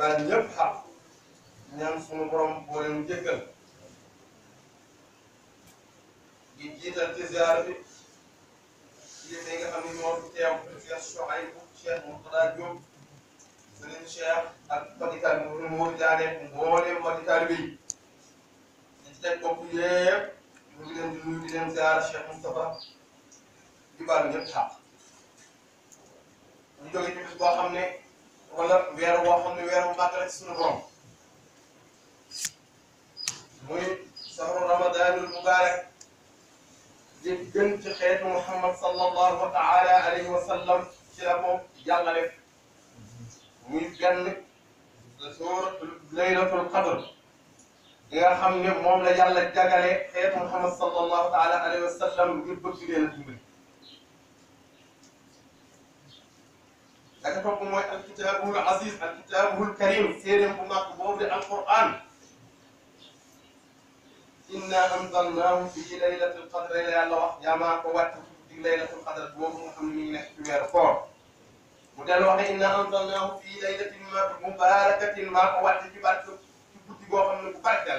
baal ñëpp xam ñaan sunu borom boo leen jéggal di jiital ci ziar bi kilifa yi nga xam ne ñoo fi teew Cheikh Souhaïbou Cheikh Mourtada Diop sëriñ Cheikh ak Fatickal mu ngi mu jaane mboolem Fatickal bi di ci teg bopp yëpp ñu ngi leen di nuyu di leen ziar Cheikh Moustapha di baal ñëpp xam ñu jóge ci bis boo xam ne. wala weer woo xam ne weer bu màgg la ci suñu borom muy sahru ramadanul mubarak di gën ci xeetu muhammad sallallahu taala alayhi wa sallam ci la ko jàngale muy benn laylatul qadr di nga xam ne moom la yàlla jagale xeetu muhammad sallallahu taala alayhi wa sallam ngir bëgg leen dimbali da nga topp mooy alkitaabul aziz alkitaabul bu màgg boobu di alquran inna anzalnaahu fi laylatul qadr la yàlla wax yaamaa ko wàcc ci laylatul qadr boobu nga xam ne mi ngi nekk ci inna anzalnaahu fi laylatin mubarakatin maa ko wàcc ci barke ci guddi goo xam ne bu barkeel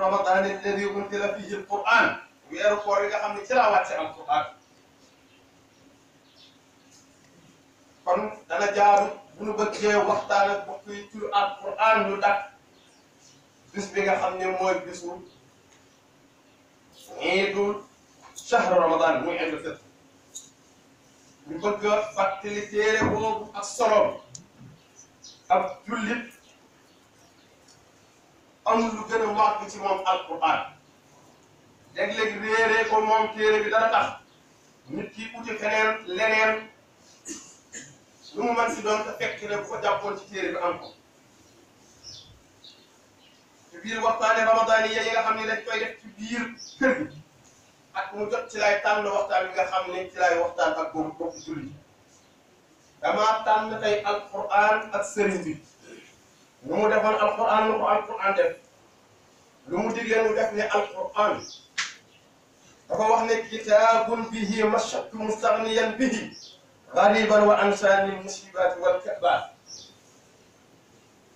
ramadan alladi unzila fihi alquran weeru kon dana jaaru bu ñu bëggee waxtaan ak bokk yi tur alquran ñu dakk bis bi nga xam ne mooy bisu iidul shahru ramadan muy indi fët ñu bëgg a fàttali téere boobu ak soloom ak jullit am lu gën a màgg ci moom alquran léeg-léeg réeree ko moom téere bi dana tax nit ki uti feneen lu mu mën si doon te fekk ne bu ko jàppoon ci téere bi am ko te biir waxtaane ramadaani nga xam ne dañ koy def ci biir ak mu jot ci lay tànn waxtaan bi nga xam ne ci lay waxtaan ak boobu bokk julli damaa tànn tey alquran ak sëriñ bi lu mu defoon alquran lu ko alquran def lu mu digleen mu def ne alquran dafa wax ne kitaabun bihi mashatu mustagniyan bihi غريبا وانسان المصيبات والكبات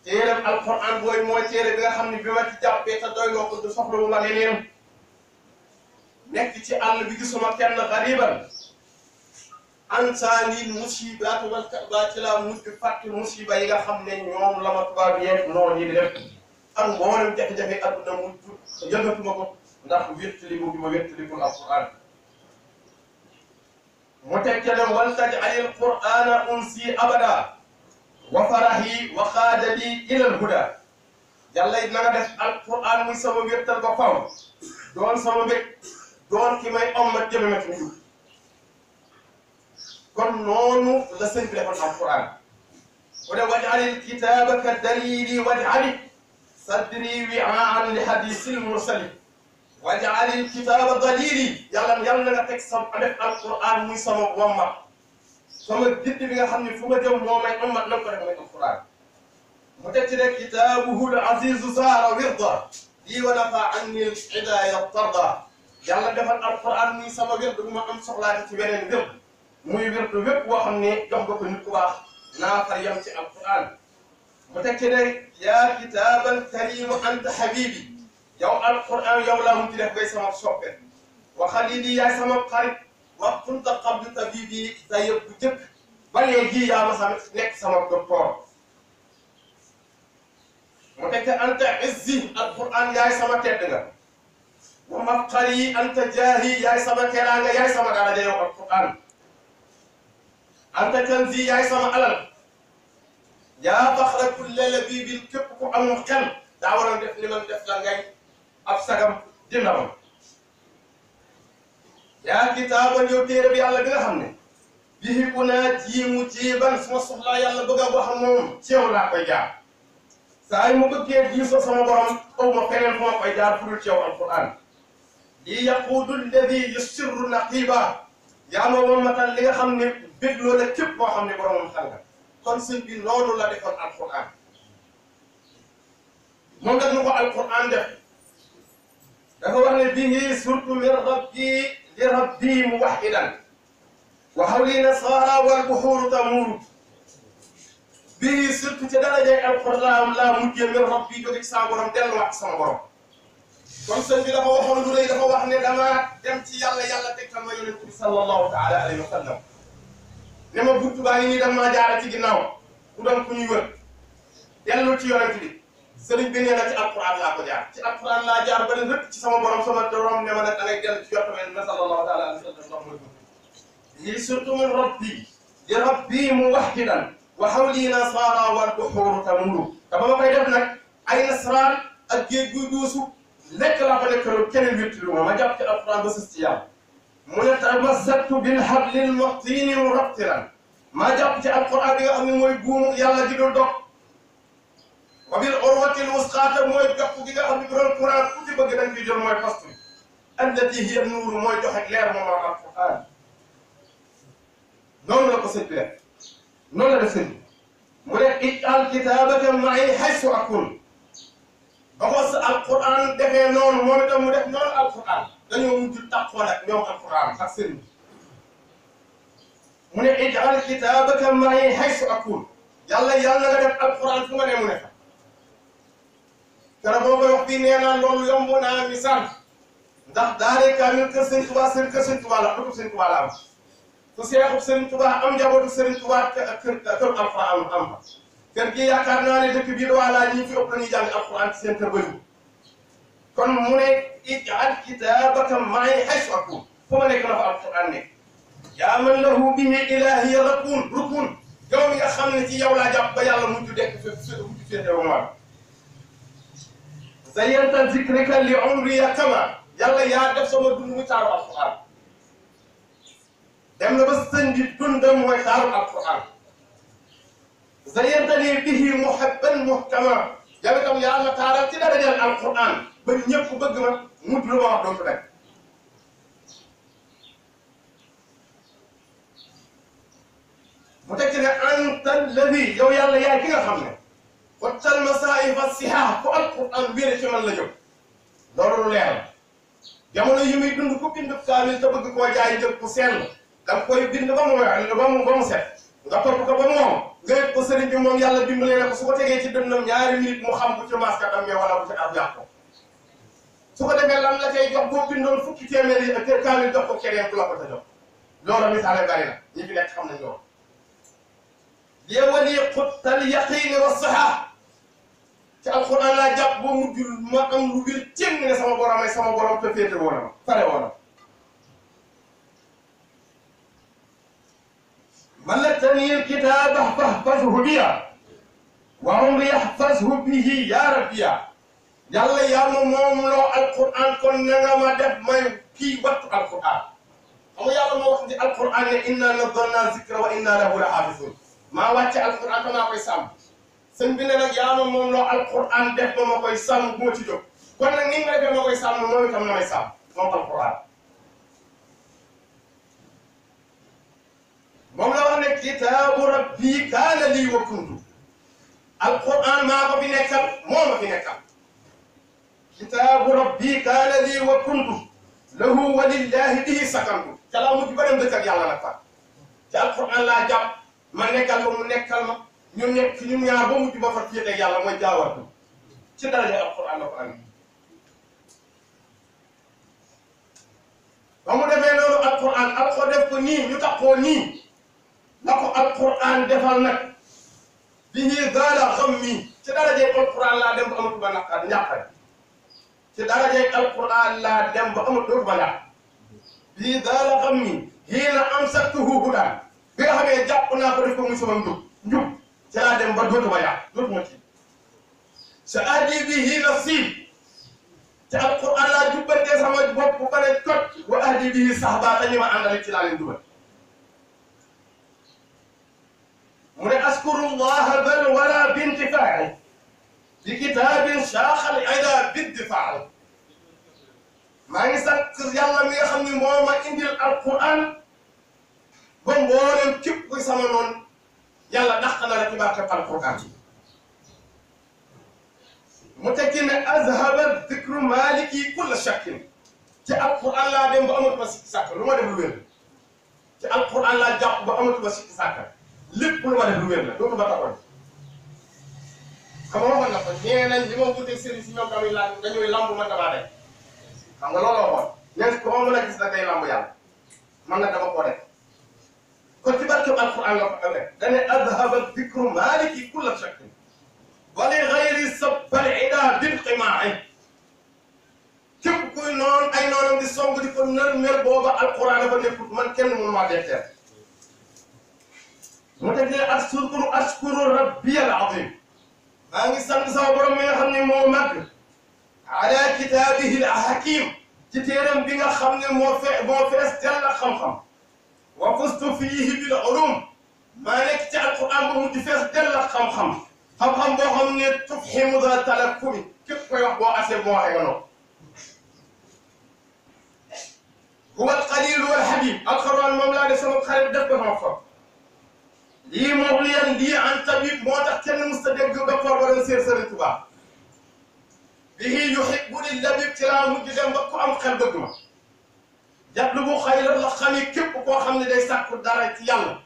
téeram alquran booy mooy téere bi nga xam ne bi ma ci jàppee te doy loo ko du soxlawu ma leneen nekk ci àll bi gisuma kenn xariban ansaani musibaatu wal kabaati laa mujj fàtte musiba yi nga xam ne ñoom la ma tubaab yeeg noonu yi di def ak mboolem jafe-jafe adduna mujj yëngatuma ko ndax wéttali bu bi ma wéttali bul alquran mu teg ca ne wal taj'alil qur'aana unsi abada wa farahi wa xaadali ilal huda yàlla it na nga def alquran muy sama wéttal ba faw doon sama mbég doon ki may ommat jëmeme ci nit kon noonu la sëñ bi defoon alquran mu ne waj'alil kitaabaka daliili waj'ali sadri wi'aan li hadiisil mursali waj'alil kitaaba daliili yàlla yàlla na nga teg sama def alquran muy sama wamma sama gidd bi nga xam ne fu ma jëm moo may ummat nan ko def mooy alquran mu teg ci rek kitaabuhul azizu saara wirda lii wa nafa anni hidaaya tarda yàlla defal alquran muy sama wird bu ma am soxlaati ci weneen wird muy wird wépp boo xam ne jox nga ko nit ku baax naa far yem ci alquran mu teg ci rek yaa kitaaban karimu anta habibi yow alquran yow laa mujj def ngay sama soppe wa xalili yaay sama xarit wa kunta qablu tabibi sa yëpp bu jëkk ba léegi yaa ma sama nekk sama docteur mu nekk anta izzi alquran yaay sama tedd nga sama teraanga yaay sama daraja yow alquran anta sama alal yaa baxra kulle la bii bil képp ku amul xel daa waroon def ni man def la ab sagam di ndawam yaa kitaaban yow téere bi yàlla bi nga xam ne bii ku naa jiimu jiiban su ma soxlaa yàlla bëgg a wax moom ci yow laa koy jaar saa yu ma bëggee diisoo sama borom aw ma feneen ma koy jaar pour ci yow alquran li yaquudu lladi yusirru naqiba yaa ma woon matal li nga xam ne bégloo la képp koo xam ne boromam xam nga kon sëñ bi noonu la defoon alquran moom daf ñu ko alquran def dafa wax ne bihi surtu min rabbi li rabbi muwahidan wa hawli nasara wal buhuru tamuru bihi surtu ci darajay alquran laa mujjee min rabbi jóge ci sama borom delluwaat ci sama borom kon sëñ bi dafa waxoon lu rëy dafa wax ne damaa dem ci yàlla yàlla tegtal ma yonent bi sallallahu ma buntu baa ngi nii dama maa jaara ci ginnaaw ku doon ku ñuy wër dellu sëriñ bi nee na ci alquran laa ko jaar ci alquran laa jaar ba ne rëpp ci sama borom sama borom ne ma nag da ngay dellu ci yottame nasallallahu taala alaihi wa sallam lii surtout min rabbi di rabbi mu wahdidan wa hawli nasara wal buhuru tamuru te ba ma koy def nag ay nasaraan ak géej guy duusu lekk laa ko lekkaloon keneen wéttilu ma ma jàpp ci alquran ba sës ci yàlla mu ne tamassaktu bil hablil matin murabtiran maa jàpp ci alquran bi nga xam ne mooy buumu yàlla ji dul dog wa bil urwatil wusqaata mooy gàpp gi nga xam ne bu doon courant ku ci bëgg dañ ci jël mooy fas bi allati hiya nuuru mooy joxe leer moom al alquran noonu la ko sëñ bi noonu la def sëñ bi mu ne ij'al kitaabaka ma'i haysu akun ba ko sa alquran defee noonu moom itam mu def noonu alquran dañoo mujj taqoo nag ñoom alquran ak sëñ bi mu ne ij'al kitaabaka ma'i haysu akun yàlla yàlla nga def alquran fu nga ne mu ne fa kara moo koy wax fii nee naa loolu yomb naa misaal ndax daaree kaamil kër sëñ Tuubaa seen kër sëñ Tuubaa la am dëkk sëñ Tuubaa la am su seexub sëñ Tuubaa am njabootu sëñ Tuubaa kër kër alxuraan am am fa kër gi yaakaar naa ne dëkk bii dawaa laa ñi fi ëpp dañuy jàng alxuraan ci seen kër bëri kon mu ne ij'al kitaabaka ma'i haysu akun fu ma nekk na fa alxuraan nekk yaa man lahu bihi ilaahiya rakun rukun yow mi nga xam ne ci yow laa jàpp ba yàlla mujj dekk fi mujj féete wa zayyanta zikrika li umriya kama yàlla yaa def sama dund muy taaru alquran dem na ba sëñ bi dundam mooy taaru alquran zayyanta ni bihi muhabban muhkama yàlla itam yaa ma taaral ci darajal alquran ba ñëpp bëgg ma mujj lu ma wax doon ko mu tekki anta alladi yow yàlla yaay ki nga wattal masaahif as-sihaah fu alquran wére ci man la jëm loolu lu leer la jamono yi muy dund ku bind kaamil te bëgg koo jaay njëg ku sell da koy bind ba mu ba mu ba mu set nga topp ko ba moom nga yëg ko sëriñ bi moom yàlla dimbalee na ko su ko tegee ci dënnam ñaari minute mu xam bu ci maska tam mais wala bu ci ab yàq ko su ko defee lan la cay jox boo bindoon fukki téeméeri ak te kaamil jox ko keneen ku la ko ta jox loolu yi wa saxaa ci alxuraan laa jàpp boo mujjul am lu wér ne sama borom ay sama borom te féete woonam fare woonam ملتني الكتاب فاحفظه بيا وعمري احفظه به يا ربي yàlla yaa ma moom loo alquran kon na nga ma def may kii wattu alquran xam nga yàlla moo wax ni alquran ne inna nazzalna zikra wa inna lahu la xaafisun maa wàcce alquran damaa koy sàmm sëñ bi ne nag yaa ma moom loo alquran def ma ma koy sàmm bu ma ci kon nag ni nga ma koy sàmm moom itam na may sàmm moom alquran moom la wax ne kitaabu rabbi wa kuntu alquran maa ko fi nekkal moo ma kitaabu rabbi kaana lii wa kuntu lahu wa lillahi bihi sakantu ca laa mujj ba dem dëkk ak yàlla nag fa ci alquran laa jàpp ma nekkal ko mu nekkal ma ñu nekk ci ñun ñaar ba mujj ba far ci yëg yàlla mooy jaawatu ci daraja alxuraan la ko def ko taxoo nii la ko alxuraan defal nag bi ñuy gaala xam mi ci darajay alxuraan laa dem ba amatu ba naqar ba amatu ba naqar bii xam mi yii na am saktu huubu daal bi nga xamee jàpp naa ko def ko muy sama njub te laa dem ba dootuma yaa dootuma kii sa aadi bi hii nafsi te alquran laa jubbantee sama bopp bu bare kot wa aadi bi hii sax baa ñi ma àndal ci laa leen dugal mu ne askuru llaha bal wala bintifaai bi kitaabin saaxal ida biddifaai maa ngi sant yàlla mi nga xam ni moo ma indil alquran ba mboolem képp kuy sama noonu yàlla dàq na la ci barke alquran yi mu tekki ne azhaba dikru maliki kulla shakkin ci alquran laa dem ba amatu ba sikki sàkk lu ma def lu wér ci alquran laa jàpp ba amatu ba sikki sàkk lépp lu ma def lu la dootu ba taxoon xam nga waxoon na ko nee nañ li ma wuteeg sëriñ si ñoom tamit laa dañuy lamb man damaa def xam nga looloo xool nee ko moom la gis na day lamb yàlla man na dama ko def kon ci barkeem alquran la ko amee dane adhaba dikru maliki kulla shakkin wa li gayri sabbal ida bil qimaai képp kuy noonu ay noonam di song di ko nar mel booba alquran dafa nekkut man kenn mënu maa dee teer mu teg ne askuru askuru rabbiyal azim maa ngi sant sama borom mi nga xam ne moo màgg ala kitaabihi al hakim ci téeram bi nga xam ne moo fe moo fees dell xam-xam wa fustu fiihi bil ulum maa nekk ci alquran ba mu di fees dell ak xam-xam xam-xam boo xam ne tufhimu za talaffumi képp koy wax boo asee boo waxee yoonoo huwa alqalil wal habib alquran moom laa def sama xarit def ko sama foofu lii moo li yan lii an tabib moo tax kenn mës ta dégg ba foor wala séer Sëriñ Tuubaa bihi yuhibbu lil labib ci laa mujj dem ba ku am xel bëgg ma yatlubu xayran la xamee képp ko xam ne day sàkku dara ci yàlla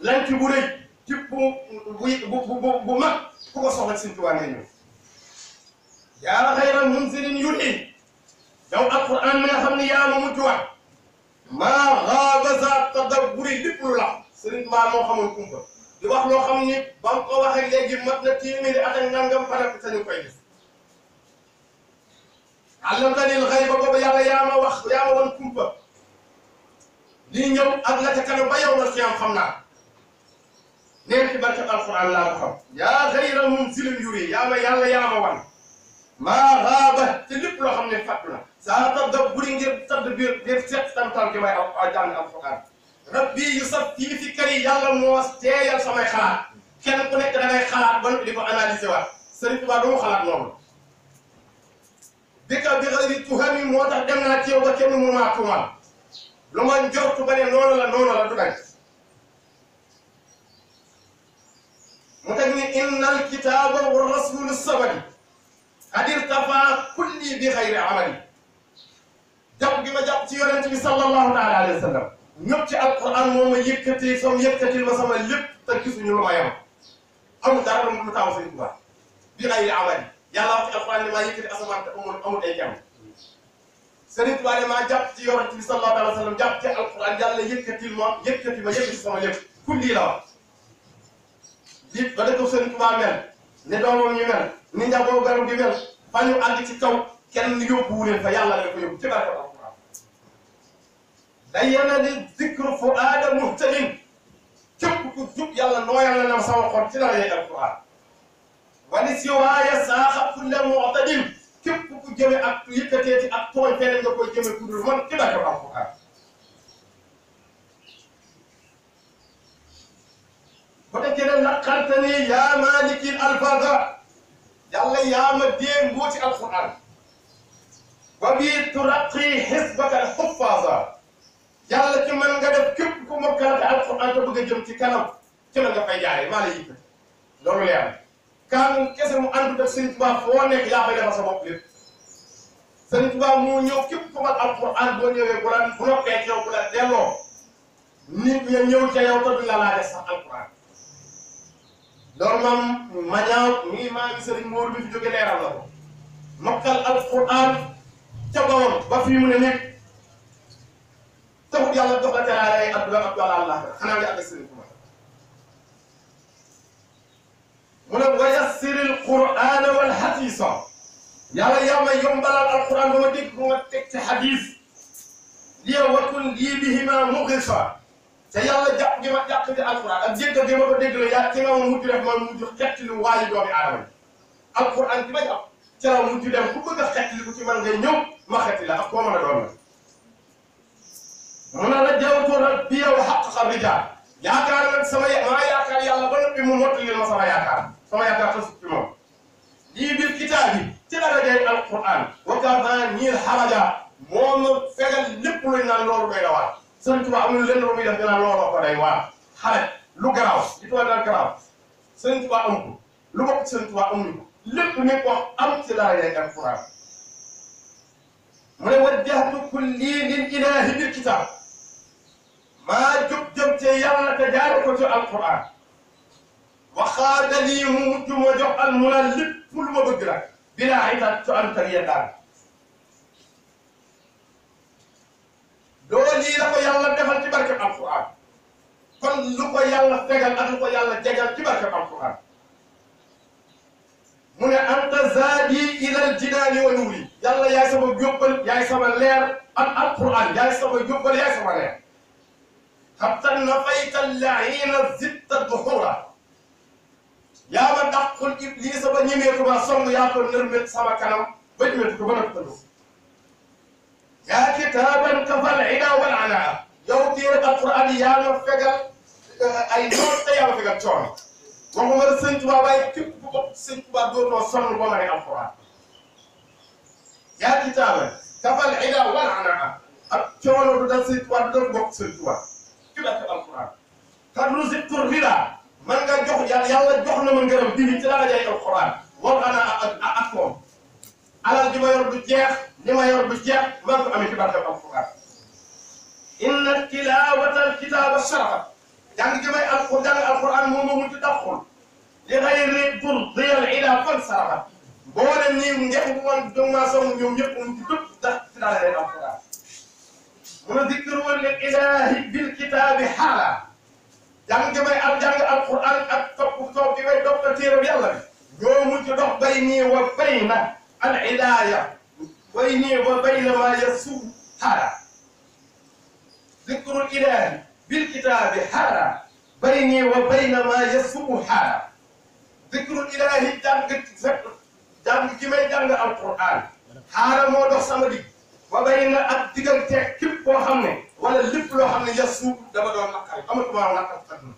lan bu rëy képp bu bu bu bu mag ku ko soxla ci Sëñ Tuubaa ngay ñëw yaa xayral munzilin yuri yow alquran mi nga xam ne yaa ma mujj waat maa xaaba za tadabburi lépp lu la sëriñ maa moo xamul kumpa di wax loo xam ni ba nga ko waxee léegi mat na téeméeri at ak nangam fanam sañu koy def allamtanil xayba boobu yàlla yaa ma wax yaa ma wan kumpa lii ñëw ak la ca kanam ba yow la xiyam xam naa neen ci barkat alquran laa ko xam yaa xayra munsilin yuri yaa ma yàlla yaa ma wan maa xaaba te lépp loo xam ne fàttu na saa tab dab buri ngir a rabbi yu fi kër yi yàlla moo teeyal samay xalaat kenn ku nekk da ngay xalaat ba noppi di ko analyser waat sëriñ Tuubaa du bi bi xëyri tuhami moo tax dem naa ci yow ba kenn mënu maa tuumaal lu ma njortu ba ne noonu la noonu la du mu teg ni innal kitaaba wa rasulu sabadi adir tafaa kulli bi xëyri amali jàpp gi ma jàpp ci yonent bi sallallahu taala alayhi wa sallam ñëpp ci alquran moo ma yëkkati som yëkkatil ma mu taw sëñ bi xëyri amali yàlla wax ci alxuraan ne maa yëkkati asamaan te amul amul ay jàmm Sëriñ Tuubaa maa jàpp ci yonent bi sallallahu alayhi wa sallam jàpp ci alxuraan yàlla yëkkatil ma yëkkati ma yëkkati sama lépp kum lii la wax ni njaboo garab di mel fa ñu àgg ci kaw kenn yóbbuwu leen fa yàlla la ko yóbbu ci barke alxuraan day yana di zikru fu aada muhtalin képp ku jub yàlla nooyal na sama xol ci dara yee alxuraan li siwaaya saaxa kulla mu'tadin képp ku jëme ak yëkkateeti ak tooñ ku dul man ki barke alquran ba te jëlee naqarte ni yaa maalikil alfarda yàlla yaa ma dee mbooti alquran wa bii turaqi xisbaka alxufaasa yàlla ci mën nga def képp ku mokkaate alquran te bëgg a jëm ci kanam ci la nga fay jaare maa la yëkkati loolu lay kaanu kese mu ànd ak Serigne Touba foo nekk yaa fay defar sa bopp lépp Serigne Touba moo ñëw képp ku mat alquran boo ñëwee bu bu noppee ci bu delloo nit ña ñëw ca yow te duñ la laajee sax alquran loolu moom ma ñaaw maa ngi Serigne Mor bi fi jóge leeral la ko mokkal alquran ca bawam ba fii mu ne nekk taxut yàlla dox la teraale ay abdoulaye abdoulaye allah xanaa nga àgg Serigne. mu ne wa yassiril qur'aana wal hadiisa yàlla yaa ma yombalal alquran ba ma dégg ko ma teg ci hadis li wakun lii bihimaa muqifa te yàlla jàpp gi ma jàpp ci alquran ak jéggal gi ma ko dégg la yaa ci nga ma mujj def ma mujj xettali waayu doomi aadama yi alquran gi ma jàpp ci la mujj def ku bëgg a xettali ku ci man ngay ñëw ma xetti la ak koo mën a doon la mu ne la jawwtu rabbiya wa haqqaqa rijaal yaakaar nag sama maa yaakaar yàlla ba noppi mu mottali ma sama yaakaar sama yaakaar fas ci moom lii biir kitaab yi ci darajay alquran wa kafa niil xaraja moo ma fegal lépp luñ naan loolu doy na waar sëriñ Tuubaa amul lenn lu muy def dinaa looloo ko day waar xaraj lu garaaw li tubaab daal garaaw sëriñ Tuubaa amu ko lu bokk sëriñ Tuubaa amuñu ko mu ne wajjahtu kulli lil ilaahi bil kitaab maa jóg jëm ci yàlla te jaare ko ci alquran waxaana lii mu ju ma jox al mu la lépp lu ma bëgg la bilaa itam su am tariya daal loolu lii la ko yàlla defal ci barke alquran kon lu ko yàlla fegal ak lu ko yàlla jegal ci barke alquran mu ne anta zaadi ilal jinaani wa nuuri yàlla yaay sama yóbbal yaay sama leer ak alquran yaay sama yóbbal yaay sama leer xam tan na faytal lahiina zitta duhura yaa ma dàqul Ibliisa ba ñemeetu ma song yaa ko nërmet sama kanam ba ñemeetu ko ba nga tëdd. yaa kitaaban kafal ida wal ana yow téere alquran yaa ma fegal eh, ay noot te yaa ma fegal coono waxuma la sëñ Tuubaa waaye képp ku bopp sëñ Tuubaa dootoo sonn ba ma ne alquran. yaa kitaaban kafal ida wal ana ak coono du dal sëñ Tuubaa du dal bokk sëñ Tuubaa ci dakk alquran kadru ziktur rida man nga jox yàlla yàlla jox na ma ngërëm dibi ci dara jaay alxuraan war anaa ak ak moom alal ji ma yor du jeex li ma yor du jeex man ko amee ci barkeb alxuraan inna tilaawatal kitaaba sharafa jàng ji may alxur jàng alxuraan moom moomu ci dàqul li xayri dur diyal ila fan sarafa boo leen nii njëkk bu woon donc maa song ñoom ñëpp mu ci dëpp ndax ci dara jaay alxuraan mun a dikkiru wan lil ilaahi bil kitaabi xaala jàng may al jàng alquran ak topp toog gi way doog téeram yàlla bi ñoo mujj dox bay nii wa bay na al ilaaya bay nii wa bay na maa yasu hara zikrul ilaahi bil kitaabi hara bay nii wa bay na maa yasu hara zikrul ilaahi jàng jàng gi may jàng alquran xaara moo dox sama dig wa bay na ak digal te képp koo xam ne wala lépp loo xam ne yas mu dama doon naqari amatuma woon naqari fàttali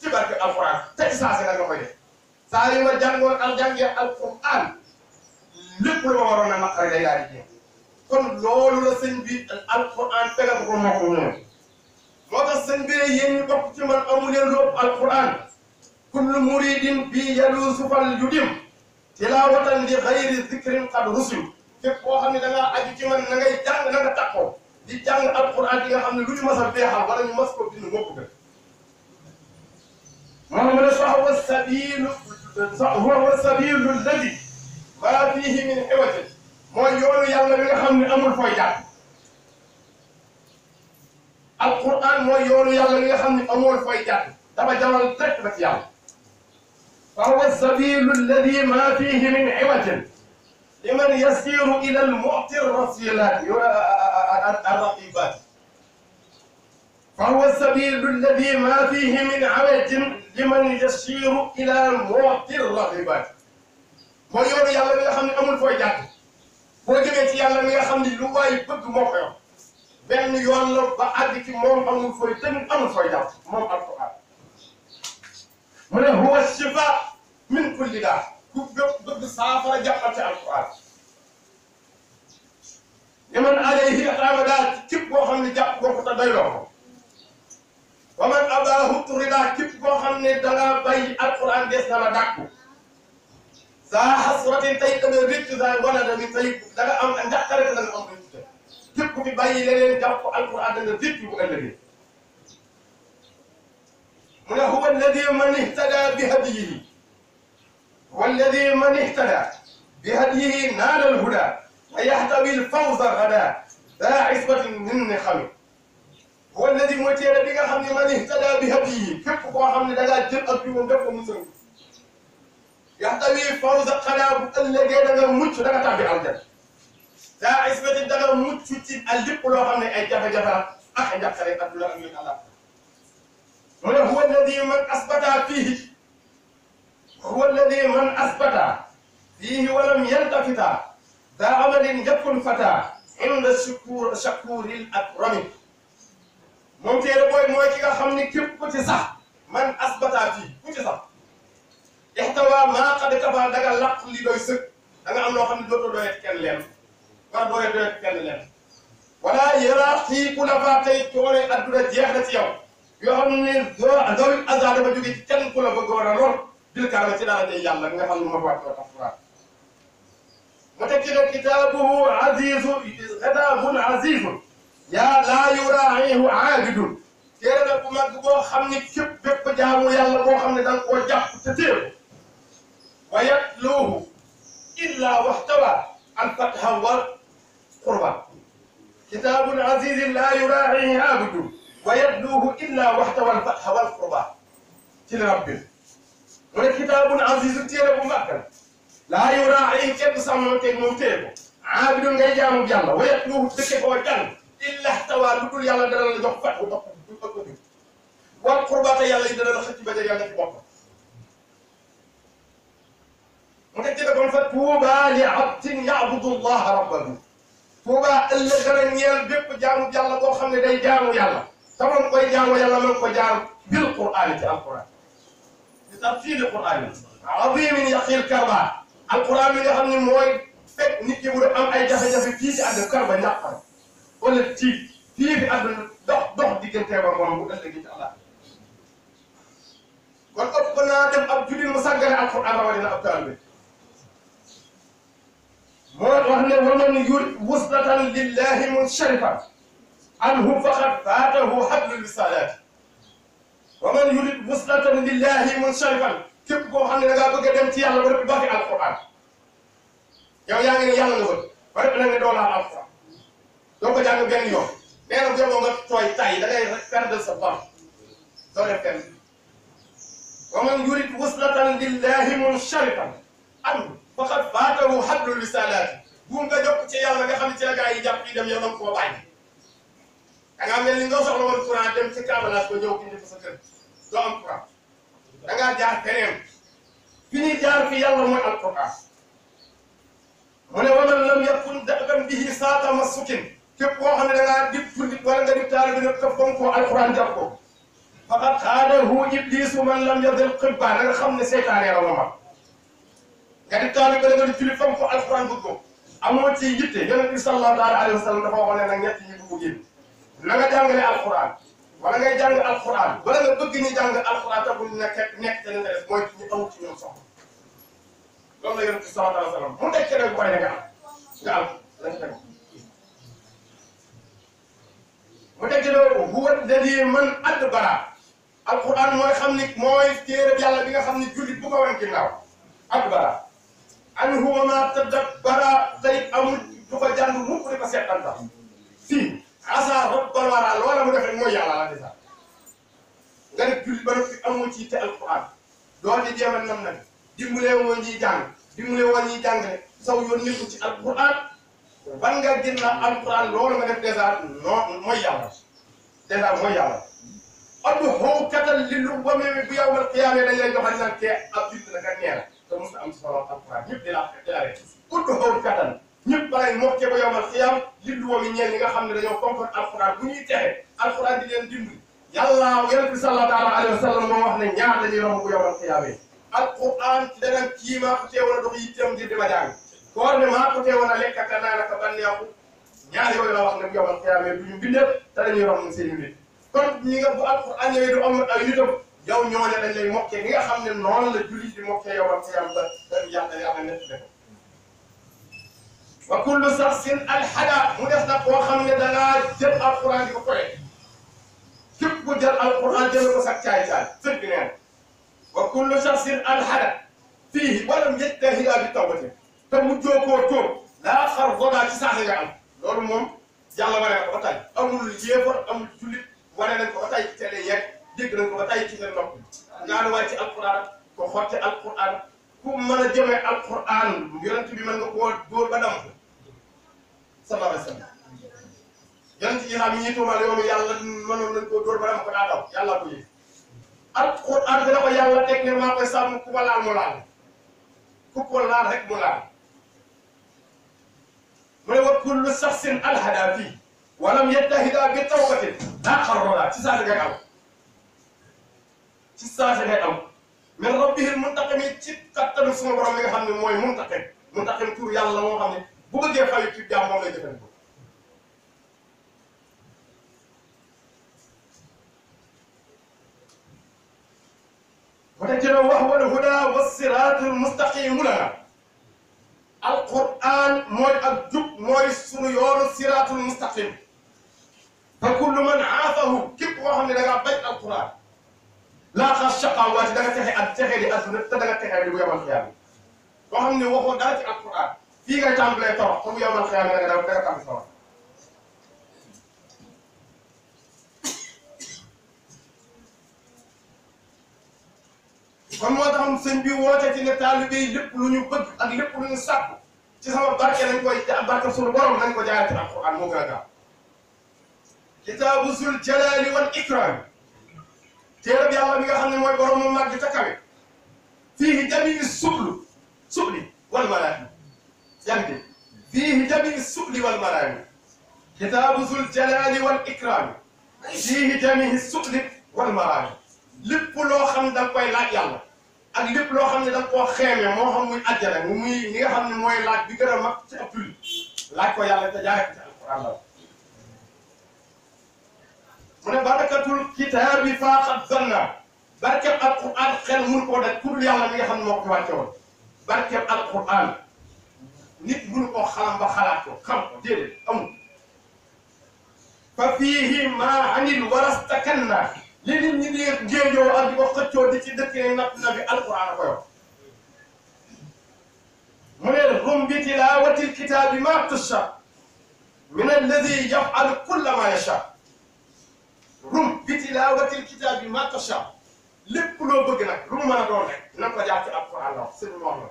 ci barke alxuraan teg saa si la nga koy def saa yi ma jàngoon al jàngee alxuraan lépp lu ma waroon a naqari day daal di jeex kon loolu la sëñ bi alxuraan tegal ko moo ko ñëw moo tax sëñ bi yéen ñu bokk ci man amu leen lu ëpp alxuraan kullu muridin bi yalu sufal judim tilaawatan li xayri zikrin qad rusul képp koo xam ne da ngaa aju ci man na ngay jàng na nga takkoo di jàng alquran yi nga xam ne lu ñu mas a feexal wala ñu mas ko bind moo ko gën moom mu ne fa huwa sabilu fa huwa sabilu alladi maa fiihi min iwajin mooy yoonu yàlla bi nga xam ne amul fooy jaar alquran mooy yoonu yàlla bi nga xam ne amul fooy jaar dafa jaral rek la ci yàlla fa huwa sabilu alladi maa fiihi min iwajin liman yasiru ila almu'ti rasila الرقيبات فهو السبيل الذي ما فيه من عوج لمن يسير الى موطي الرغبات mooy yoonu yàlla mi nga xam ne amul fooy jàpp boo jógee ci yàlla mi nga xam ne lu waay bëgg moo ko yor benn yoon la ba àgg ci moom amul fooy tamit amul fooy jàpp moom alquran mu ne huwa shifa min kulli daa ku bëgg saafara jàppal ci alquran li man alayhi abada képp koo xam ne jàpp koo ko te doyloo ko wa man abaahu turida képp koo xam ne dangaa bàyyi alquran des na la dàkku saa xasratin tey tamit rëcc saa wala tamit tey da nga am njaqare da nga am rëcc képp ku fi bàyyi leneen jàpp ko alquran da nga rëcc bu ëllëgee mu ne huwa alladi man ihtada bi hadiyihi huwa alladi man ihtada bi hadiyihi naala alhuda يحتوي الفوز غدا ذا عصبة من نخم هو الذي موتي بك خم من اهتدى بهديه كيف هو خم دغا جيب اك يوم دف مسلم يحتوي الفوز غدا الذي دغا موت دغا تابع الجنة ذا عصبة دغا موت تي الجيب لو خم اي جافا جافا اخ جافا رك الله من الله من هو الذي من اثبت فيه هو الذي من اثبت فيه ولم يلتفت ذا عمل يكن فتى عند شكور شكور الأكرم moom téere booy mooy ki nga xam ni képp ku ci sax man asbata fii ku ci sax ixtawa maa qad kafa da nga làq li doy sëg da nga am loo xam ne dootoo doyet kenn leen war doyet doyet kenn leen wala yara xii ku la faa tey coore jeex na ci yow yoo xam ne dooy azaa dafa jóge kenn ku la bëggoon a lool bil kaarama ci daala day yàlla nga xam ma waat yoo tax mu teg ci ne kitaabuhu azizu kitaabun azizun yaa laa yuraahihu aabidun téere la bu mag boo xam ne képp bépp jaamu yàlla boo xam ne da nga koo jàpp te téew wa yatluuhu illaa waxtawa an fatha wal qurba kitaabun azizun laa yuraahihi aabidun wa yatluuhu illaa waxtawa al fatha wal qurba ci rabbi mu ne kitaabun azizu téere bu mag laa yow daa ay kenn sàmmanteeg moom téye ko aabidun ngay jaamu yàlla wéyat lu dëkke koo jàng illa tawaa lu dul yàlla dana la jox fat bu bopp du ëpp bi wal qurbata yàlla yi dana la xëcc ba ca yàlla ci bopp mu nekk da kon fa tuuba li abdin yabudu llaha rabbahu tuuba ëllëg dana ñeel bépp jaamu yàlla boo xam ne day jaamu yàlla tamoon koy jaamu yàlla man ko jaam bil qur'aan ci alquran li tartiili qur'aan azimin yaqil karba alquran bi nga xam ne mooy fekk nit ki bu am ay jafe-jafe fii ci àdduna kar ba ñàppal wala tiit fii fi àdduna dox dox diggantee ba moom bu ëllëgee ci àlla kon ëpp naa dem ab jullit mu sàggane alquran rawatina ab taal bi moo wax ne waman yur wuslatan lillahi mun sharifa anhu faqad faatahu hablul wisaalaati waman yurid wuslatan lillahi mun sharifan képp koo xam ne da bëgg dem ci yàlla ba def a fi alquran yow yaa ngi ne yàlla la wër ba def na nga doo laal alquran doo ko jàng benn yoon nee na joboo nga tooy tay da ngay perdre sa man yurid wuslatan lillahi munsharitan an faqad faatahu hadlu risalaati bu nga jokk ci yàlla nga xam ne ci la gaa yi jàpp yi dem yow danga koo bàyyi da ngaa mel ni nga dem ci câblage ba ñëw indi ko sa kër doo am da ngaa jaar feneen fi ñuy jaar fi yàlla mooy alquran mu ne waman lam yakun daban bihi saata masukin képp koo xam ne da ngaa dib pour nit wala nga dib taal bi nag ka fonkoo alquran jàpp ko faqad xaadahu iblisu man lam yadil xibba da nga xam ne seytaane la ma nga dib taal bi da nga di julli fonko alquran bëgg ko amoo ci yitte yonent bi sallallahu taala alayhi wa dafa waxoon ne nag ñett ñi dugg génn wala ngay jàng alxuraan wala nga bëgg ñu jàng alxuraan te buñ nekk nekk te li nga def mooy ñu amul ci ñoom soxla loolu la yonent bi sallallahu alayhi wa sallam mu nekk rek booy na nga am nga am la nga teg mu tekki loolu huwa alladi man adbara alxuraan mooy xam ni mooy téere yàlla bi nga xam ni jullit bu ko wan ginnaaw adbara an huwa ma tadabbara tey amul du ko jàng mukk di ko seetantal asaar kon waraa loola mu def rek mooy yàlla la dèjà nga def julli ba noppi amoo ci te alquran di jéem a nam nag dimbalee woo ñuy jàng dimbalee woo ñuy jàngale saw yoon nekku ci alquran ban nga gën na alquran loolu nga def dèjà non mooy yàlla dèjà mooy yàlla. addu xaw katal li lu wamee bu yow mal xiyaamee dañ lay joxal naan kee ab jullit la nga neera te mos na am si sama alquran ñëpp di la katal. ñëpp balay mocce ba yomal xiyaam jubluwoo mi ñeel ñi nga xam ne dañoo fonkoon alxuraan bu ñuy texe alxuraan di leen dimbali yàlla yonent bi sallallahu alayhi wa sallam moo wax ne ñaar dañuy romb bu yomal xiyaamee alxuraan ci danañ kii maa ko a dox yitteem ngir di ma jàng koor ne a lekk a a ne bu yomal xiyaamee du ñu bindal te dañuy i nit kon ñi nga bu alxuraan ñëwee du am ay nitam yow ñoo ne dañ lay mokkee ñi nga xam ne noonu la jullit di mokkee yomal xiyaam ba yàlla yàlla nekk wa kullu saxsin alxada mu def nag koo xam ne da ngaa jël alquran di ko koyee képp ku jël alquran jël ko sax caay caay sëñ bi nee na wa kullu saxsin alxada fii walam yejtahida bi tawbati mu jookoo tóob laa xar voda ci saasa nga am loolu moom yàlla wane na ko ba tay amul nañ ko ba tay ci télé yeeg dégg nañ ko ba tay ci seen nopp ñaanu waay ci alquran mën a jëmee alquran yonent bi mën nga koo dóor ba dam sallallahu alayhi wa sallam yonent yi naa bi ñuy tuumal loolu yàlla mënoon nañ koo dóor ba dama ko daa daw yàlla ko yëg ak xóot ànd bi ko yàlla teg ne maa koy sàmm ku ko laal mu laal ku ko laal rek mu laal mu ne wa kullu saxsin alhada fii walam yettahida bi tawbatin daa xarrora ci saa si ngay am ci saa si ngay am min rabbihil muntaqim ci kattanu suma borom mi nga xam ne mooy muntaqim muntaqim tur yàlla moo xam ne bu bëggee fayu ci jaam moom lay jëfandikoo وتجرى وهو الهدى والصراط المستقيم لنا القرآن موي أبجب موي سنيور الصراط المستقيم فكل من عافه كيف وهم لغا بيت القرآن لا خاص شقا واجد دغا تخي أد تخي لأسنة تدغا تخي لبيا والخيام وهم نوخو داتي القرآن fii ngay tàmbalee torox pour yow man xëy na nga daw dara tàmbali torox kon moo tax sëñ bi woote ci ne taalibe yi lépp lu ñu bëgg ak lépp lu ñu sàkku ci sama barke nañ koy barke suñu borom nañ ko jaaree ci alquran moo gën a gaaw kitaabu zul jalaali wal ikraam téere bi yàlla bi nga xam ne mooy borom mu màgg ca kawe fii jami'i sublu subli wal malaa'ika jangde fihi jami suhli wal marami kitaabu zul jalali wal ikrami fihi jami suhli wal marami lépp loo xam da nga koy laaj yàlla ak lépp loo xam ne da nga koo xeeme moo xam muy ajjana muy li nga xam ne mooy laaj bi gën a mag ci ab jullit mu ne barakatul kitaabi faaxat zanna barkeb alquran xel mun koo daj ku dul yàlla mi nga xam ne nit mënu koo xalam ba xalaat ko xam ko déedéet amul fa fiihi maa anil warastakanna li nit ñi di jéejoo ak di ko xëccoo di ci dëkk ne napp na bi alquran a koy wax mu ne rum bi tilaawati lkitaabi ma tusha min alladi yafalu kulla ma yacha rum bi tilaawati lkitaabi ma tusha lépp loo bëgg nag lu mu mën a doon rek na ko jaar ci alquran la wax sëñ bi wax la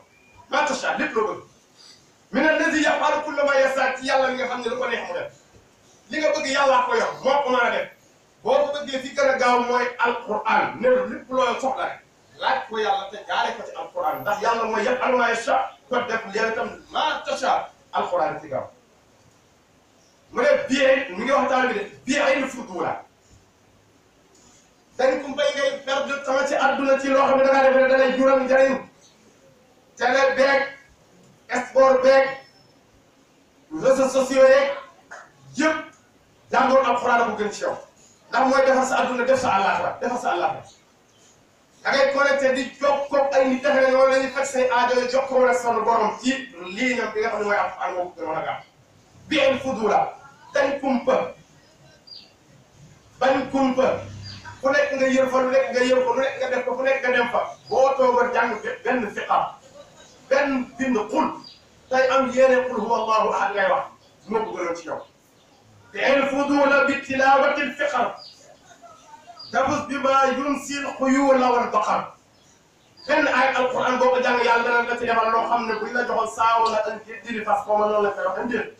ma tusha lépp loo bëgg min allazi yaf'alu kulla ma yashaa ci yàlla mi nga ne lu ko neex mu def li nga bëgg yàllaa ko yor moo ko mën a def boo ko bëggee fi gën a gaaw mooy alquran ne lépp loo soxla rek laaj ko yàlla te jaare ko ci alquran ndax yàlla mooy yaf'alu ma yashaa ko def leen itam ma tashaa alquran ci gaaw mu ne biee mi ngi waxtaan bi de biee ay na fuduula dañ ko mbay ngay perdre temps ci àdduna ci loo xam ne da ngaa def ne da lay jural njëriñ sport beeg réseaux sociaux yeeg yëpp jàngoon alxuraan bu gën ci yow ndax mooy defar sa def sa àllaaxira defar sa àllaaxira da ngay connecté di jokkoo ay nit defe ne loolu la ñuy faj say aajo yi jokkoo wala sonn borom ci lii nag bi nga xam ne mooy alxuraan moo gënoon a gaaw bi en fudula dañ kumpa bañ kumpa ku nekk nga yër fa lu nekk nga yër ko boo toogoon jàng benn fiqa benn bind xul tay am yéene xul huwa allahu ahad ngay wax moo ko gënoon ci yow te ilfuduuna bi tilawati lfiqar tafus bi ma yunsil xuyuula wal baqar benn ay alquran boo ko jàng yàlla dana la ci defal loo xam ne buñ la joxoon saawo la an képp diri fas koo ma noonu la koy wax indil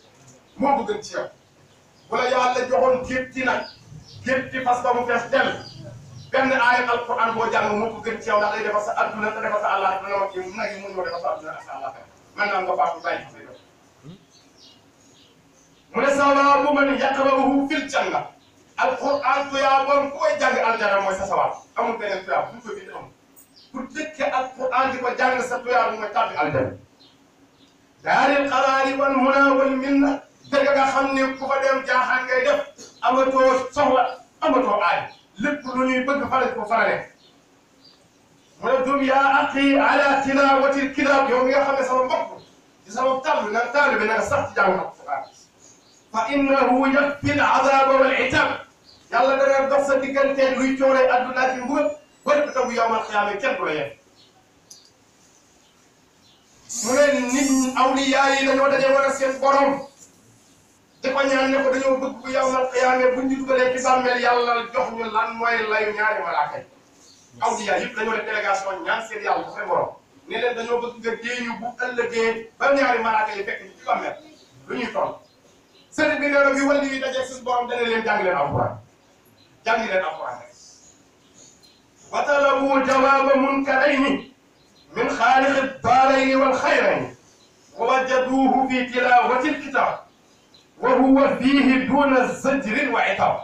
moo ko gën ci yow wala yàlla joxoon képp ci nag képp ci fas ba mu fees del benn aaya alquran boo jàng moo gën ci yow ndax day defar sa adduna te defar sa àllaaxira dana wax yow nag mu ñëw defar sa adduna ak sa nga faatu bàyyi ko def mu ne sawaa bu man yaqra'uhu fil janna alquran tuyaabam ku koy jàng aljana mooy sa ku dëkke alquran di ko jàng sa tuyaab mooy tàbbi aljana daaril qaraari wal munaa wal minna dëgg nga xam ne ku fa dem jaaxaan ngay def amatoo soxla amatoo aay lépp lu ñuy bëgg faral ko farale mu ne dum yaa aqi ala tilaawatil kitaab yow mi nga xam ne sama mbokk ci sama tàll na taalibe na nga sax ci jàng alquran fa innahu yakfi al azaba wal itab yàlla da nga dox sa diggante luy cooree adduna ci mbugal bëri tabu yowmal xiyaama kenn du la yem mu ne nit awliyaa yi dañoo daje war a seen borom di ko ñaan ne ko dañoo bëgg bu yawmal qiyaama buñ ñu dugalee ci bàmmeel yàlla jox ñu lan mooy layu ñaari malaaka yi awliya yëpp dañoo def délégation ñaan seen yàlla bu seen borom ne leen dañoo bëgg nga déeñu bu ëllëgee ba ñaari malaaka yi fekk ci bàmmeel lu ñuy toll sëriñ bi nee na bi wàllu yi dajee suñu borom dana leen jàng leen alxuraan jàng leen alxuraan rek wa talabu jawaaba munkarayni min xaaliqi daarayni wal xayrayni wa wajaduuhu fi tilaawati l kitaab wa huwa fiihi duuna zajrin wa itab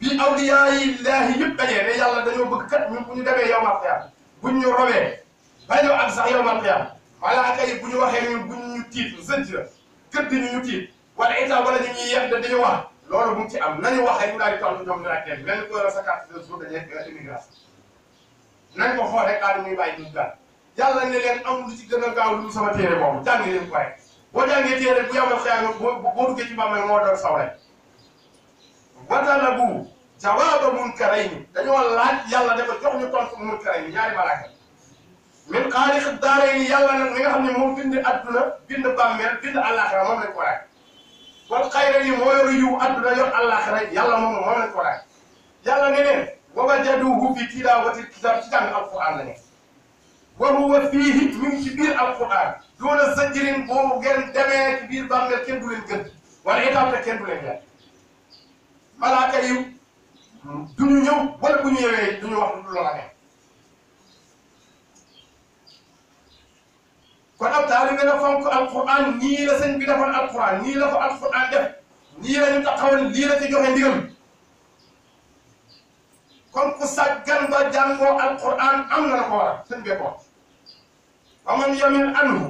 bi awliyaayi laahi yëpp dajee ne yàlla dañoo bëgg kat ñun bu ñu demee yawmal qiyaam buñ ñu robee bañoo am sax yawmal qiyaam malaaka yi bu ñu waxee ñun buñ ñu tiit zëj la këdd ñu ñu tiit wala itam wala ñu ñuy yedd dañu wax loolu bu mu ci am nañu waxee ñu daal di tontu ñoom dina teel benn heure sa carte de jour dañuy def immigration nañ ko xool rek daal di muy bàyyi ñu daal yàlla ne leen amul lu ci gën a gaaw lu sama téere boobu jàng leen ko rek boo jàngee téere bu yawmal xiyaama boo boo duggee ci bàmmeel moo doon saw rek watalabu jawaaba munkarayni dañoo laaj yàlla dafa jox ñu tontu munkarayni ñaari malaaka min xaaliq daarayni yàlla nag mi nga xam ne moom bind adduna bind bàmmeel bind àllaaxira moom lañ ko laaj kon xayra yi moo yor yiw adduna yor àllaaxira yàlla moom moom lañ ko laaj yàlla ne leen wa wajaduhu fi tilaawati kitaab ci jàng alquran la ne wa huwa fiihi mi ngi ci biir alquran doona zajrin boobu ngeen biir bàmmeel kenn du leen gën wala état te kenn du leen gën malaaka yi du ñu bu ñu ñëwee du wax lu loola ne kon ab taal nga ne fonk alquran nii la sëñ bi defoon alquran nii la ko alquran def nii la ñu taxawal lii la ci joxe kon ku sàggan ba jàngoo alquran am na la ko waral sëñ bi ko wa man yamin anhu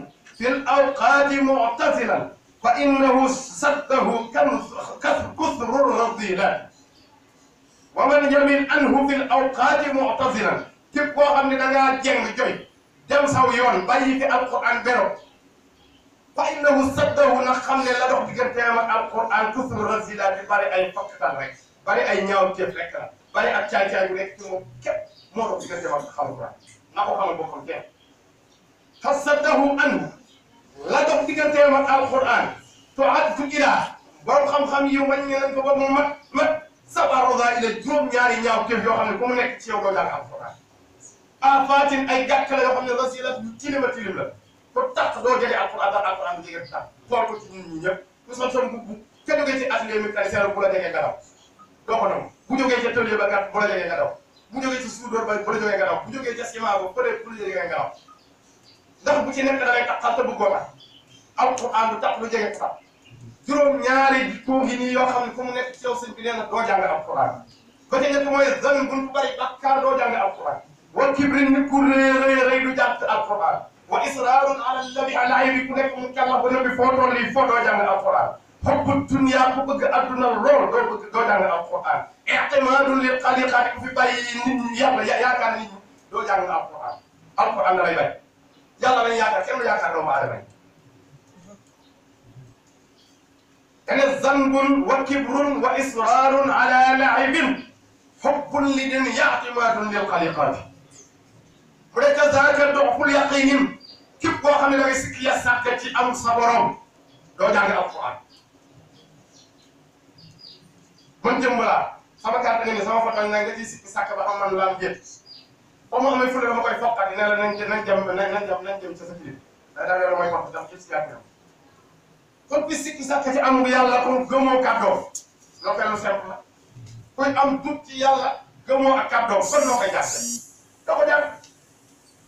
في الأوقات معتزلا فإنه سده كثر الرذيلات ومن يمل عنه في الأوقات معتزلا képp koo xam ne da ngaa jeng joy dem saw yoon bàyyi fi alquran beroo fa innahu saddahu na xam ne la dox digganteem ak alquran kusru rasilaat bi bari ay fakkatal rek bari ay ñaaw jëf rek la bari ak caay-caay bu nekk ci moom képp moo dox digganteem ak alquran na ko xamal boppam kenn fa saddahu anhu la dox digganteem ak alquran to addu ila borom xam-xam yi wàññi ne lañ ko ba mu mat mat sabarosa ila juróom-ñaari ñaaw kéef yoo xam ne ku mu nekk ci yow doo jàng alquran afatin ay gàkk la yoo xam ne rasila yu tilima tilim la ko tax doo jege alquran dax alquran tax xool ko ci ñun ñi bu ka jógee ci atelier mi tay bu la jegee nga bu jógee ci atelier ba gat bu la jegee nga daw bu jógee ci suudóor bu la jógee nga ndax bu ci nekk da lay taxal te bëggoo tax alquran du tax lu jege tax juróom-ñaari koo ngi nii yoo xam ne fu mu nekk ci yow sëñ bi nee na doo jàng alquran ba ca ñett mooy zan bu ñu bari bakkaar doo jàng alquran wa kibrin nit ku rëy rëy rëy du jàng alquran wa israarun ala labi alaay bi ku nekk mu kàlla ba noppi foo toll nii foo doo jàng lool doo bëgg doo jàng alquran ictimaadun lil xaliqaati ku fi bàyyi nit ñi doo jàng alquran alquran da lay bay yàlla lañ yaakaar kenn du yaakaar doomu aadama yi ene zanbun wa kibrun wa israrun ala laibin hubbun li din yaatimadun lil xaliqaati mu ne kazalika doxful yaqinin képp koo xam ne da ngay sikki ya sàkka ci am sa borom doo jàng alquran man jëmbalaa sama kàttan ne sama foto na nga ciy sikki sàkk ba xam man laam jét ba mu amee fële koy foqati ne la nañ ca nañ jëm nañ jëm nañ jëm ca sa biir da daa yore mooy wax ndax gis a ngi am kon bis sikki sàkk ci amul yàlla am dut ci yàlla gëmoo ak kàddoom koy jàppe da ko jàpp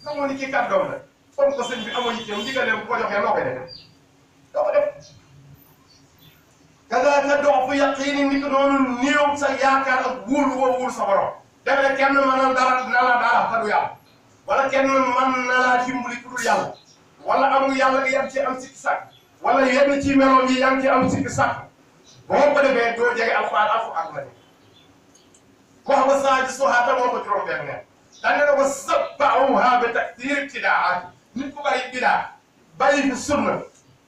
da moo ni kii kàddoom la kon ko sëñ bi amoo yitteem ndigaleem bu ko joxee noo koy defee da ko def kadalika dox bu ni ko sa yaakaar ak wóolu woo wóolu sa borom danga kenn mënal dara na la dara te du kenn mën na laa dimbali ku dul yàlla wala amul yàlla yan ci am sikki sàkk wala yenn ci meloom yi yan ci am sikki sàkk boo ko defee doo jege alxuraan alxuraan la ko wax ba saa ji soxaata moo ko juróom benn neen danga ne ko sabba'uha bi taktiir ibtidaa'aat nit ku bari bidaa bàyyi fi sunna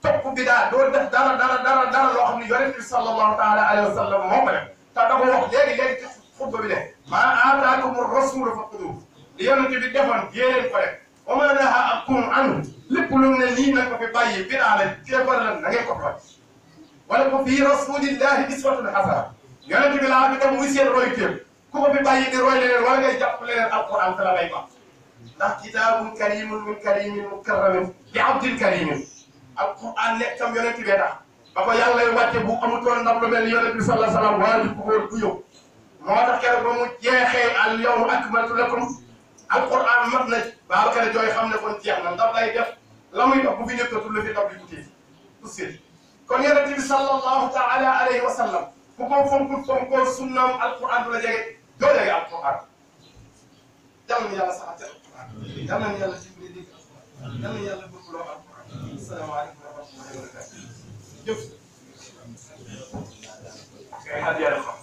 topp bidaa doo def dara dara dara dara loo xam ne yonent bi sallallahu taala alayhi wa sallam moo ko def te da ko wax léegi léegi xutba bi ne maa aataakum rasulu faxuduuhu li yonent bi defoon yee leen ko rek wa maa nahaakum anhu lépp lu mu ne lii na ko fi bàyyi bidaa la feebar la na ngeen ko fa wala ko fii rasulillahi iswatun hasana yonent bi laa fi tam muy seen roy téem ku ko fi bàyyi di roy leneen wala ngay jàpp leneen alquran te la lay ba ndax kitaabun karimun min karimin mukarramin bi abdin karimin alquran nekkam yonent bi tax ba ko yàlla wàcce bu amutoon ndam lu mel ni bi sallallahu alayhi wa ku góor moo tax keroog ba mu jeexee al yawma akmaltu lakum alquran mat na Babacar jooy xam ne kon jeex na ndax lay def la muy dox bu fi nekkatul la fi dox di utee tuuti kon yonent bi sallallahu taala alayhi wa sallam ku ko fonkul fonkoo sunnaam alquran du la jege doo jege alquran yal na yàlla sax ca alquran yal na yàlla dimbali dégg alquran yal na yàlla bëgg loo alquran salaamaaleykum wa rahmatullahi wa barakatuh jëf